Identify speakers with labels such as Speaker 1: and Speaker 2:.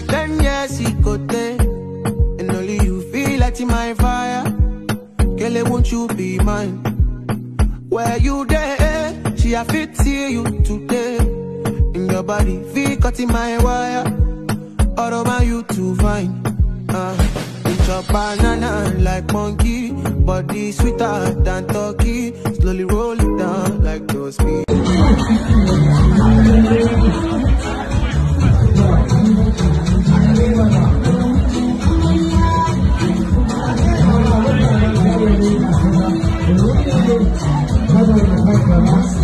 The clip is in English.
Speaker 1: he
Speaker 2: Kenya there, And only you feel like my fire. Kelly, won't you be mine? Where you there? She a fit see you today. In your body, feel cutting my wire. All my you to find. Uh, a banana like monkey, body sweeter than turkey. Slowly roll it down like those speed.
Speaker 3: Thank you.